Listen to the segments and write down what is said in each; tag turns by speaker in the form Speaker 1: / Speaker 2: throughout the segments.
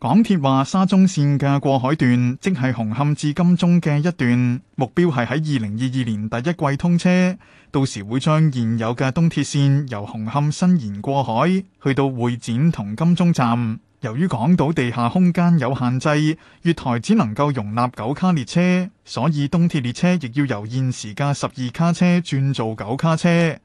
Speaker 1: 港鐵話沙中綫嘅過海段，即係紅磡至金鐘嘅一段，目標係喺二零二二年第一季通車。到時會將現有嘅東鐵綫由紅磡伸延過海，去到會展同金鐘站。由於港島地下空間有限制，月台只能夠容納九卡列車，所以東鐵列車亦要由現時嘅十二卡車轉做九卡車。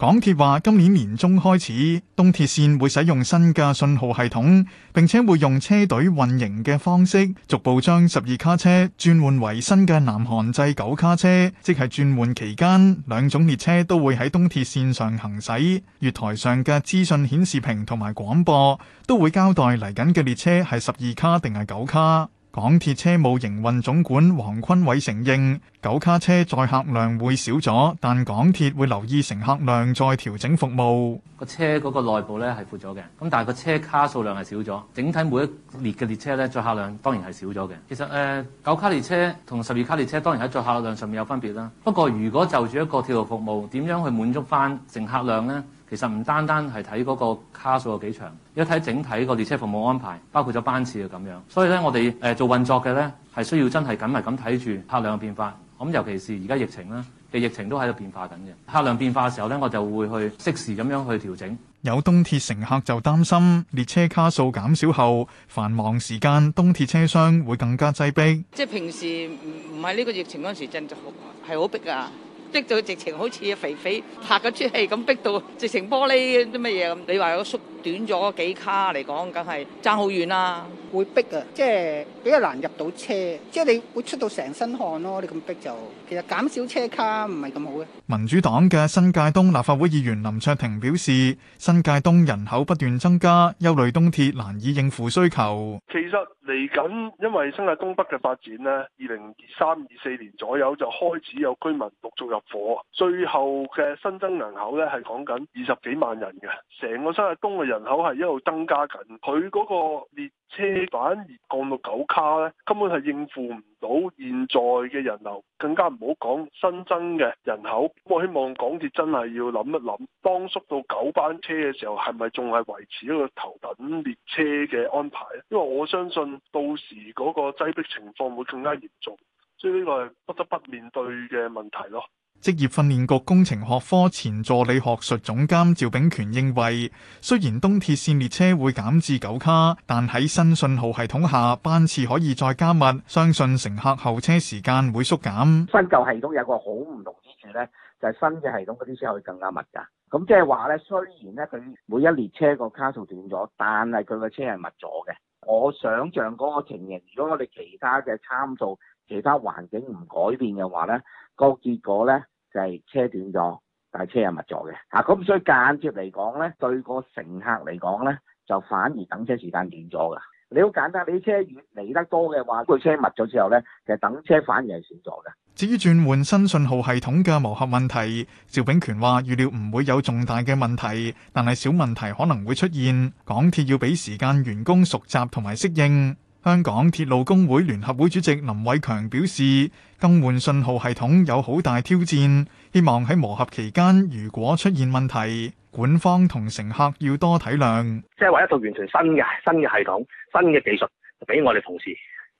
Speaker 1: 港鐵話：今年年中開始，東鐵線會使用新嘅信號系統，並且會用車隊運營嘅方式，逐步將十二卡車轉換為新嘅南韓製九卡車。即係轉換期間，兩種列車都會喺東鐵線上行駛。月台上嘅資訊顯示屏同埋廣播都會交代嚟緊嘅列車係十二卡定係九卡。港鐵車務營運總管黃坤偉承認，九卡車載客量會少咗，但港鐵會留意乘客量再調整服
Speaker 2: 務。個車嗰個內部咧係闊咗嘅，咁但係個車卡數量係少咗，整體每一列嘅列車咧載客量當然係少咗嘅。其實誒、呃，九卡列車同十二卡列車當然喺載客量上面有分別啦。不過如果就住一個鐵路服務，點樣去滿足翻乘客量呢？其實唔單單係睇嗰個卡數有幾長，一睇整體個列車服務安排，包括咗班次嘅咁樣。所以咧，我哋誒做運作嘅咧，係需要真係緊密咁睇住客量嘅變化。咁、嗯、尤其是而家疫情啦嘅疫情都喺度變化緊嘅客量變化嘅時候咧，我就會去適時咁樣去調整。
Speaker 1: 有東鐵乘客就擔心列車卡數減少後，繁忙時間東鐵車廂會更加擠逼。
Speaker 3: 即係平時唔唔係呢個疫情嗰陣時真，真係好係好逼啊！逼到直情好似肥肥拍嗰出戲咁，逼到直情玻璃啲乜嘢咁。你話個叔？短咗幾卡嚟講，梗係爭好遠啦。會逼呀，即係比較難入到車，即係你會出到成身汗咯。你咁逼就其實減少車卡唔係咁好嘅。
Speaker 1: 民主黨嘅新界東立法會議員林卓廷表示，新界東人口不斷增加，憂慮東鐵難以應付需求。
Speaker 4: 其實嚟緊因為新界東北嘅發展呢，二零二三、二四年左右就開始有居民陸續入伙。最後嘅新增人口呢，係講緊二十幾萬人嘅，成個新界東嘅人。人口係一路增加緊，佢嗰個列車反而降到九卡呢，根本係應付唔到現在嘅人流，更加唔好講新增嘅人口。我希望港鐵真係要諗一諗，當縮到九班車嘅時候，係咪仲係維持一個頭等列車嘅安排？因為我相信到時嗰個擠迫情況會更加嚴重，所以呢個係不得不面對嘅問題咯。
Speaker 1: 職業訓練局工程學科前助理學術總監趙炳權認為，雖然東鐵綫列車會減至九卡，但喺新信號系統下，班次可以再加密，相信乘客候車時間會縮減。
Speaker 3: 新舊系統有個好唔同之處咧，就係、是、新嘅系統嗰啲車可以更加密噶。咁即係話咧，雖然咧佢每一列車個卡數斷咗，但係佢個車係密咗嘅。我想象嗰個情形，如果我哋其他嘅參數、其他環境唔改變嘅話咧，個結果咧就係、是、車短咗，但係車又密咗嘅。嗱、啊，咁所以間接嚟講咧，對個乘客嚟講咧，就反而等車時間短咗㗎。你好簡單，你車越嚟得多嘅話，佢車密咗之後咧，其、就、實、是、等車反而係少咗嘅。
Speaker 1: 至於轉換新信號系統嘅磨合問題，趙炳權話預料唔會有重大嘅問題，但係小問題可能會出現。港鐵要俾時間員工熟習同埋適應。香港鐵路工會聯合會主席林偉強表示，更換信號系統有好大挑戰，希望喺磨合期間，如果出現問題，管方同乘客要多體諒。
Speaker 3: 即係話一套完全新嘅新嘅系統、新嘅技術，俾我哋同事。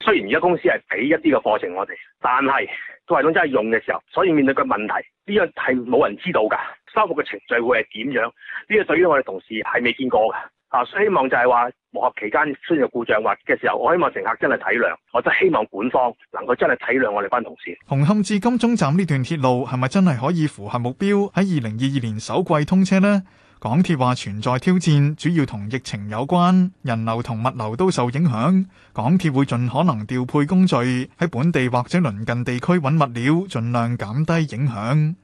Speaker 3: 雖然而家公司係俾一啲嘅課程我哋，但係都系統真係用嘅時候，所以面對嘅問題呢樣係冇人知道噶，修復嘅程序會係點樣？呢個對於我哋同事係未見過嘅。啊，希望就係話磨合期間出現故障或嘅時候，我希望乘客真係體諒，我真希望管方能夠真係體諒我哋班同事。
Speaker 1: 紅磡至金鐘站呢段鐵路係咪真係可以符合目標喺二零二二年首季通車呢？港鐵話存在挑戰，主要同疫情有關，人流同物流都受影響。港鐵會盡可能調配工序，喺本地或者鄰近地區揾物料，盡量減低影響。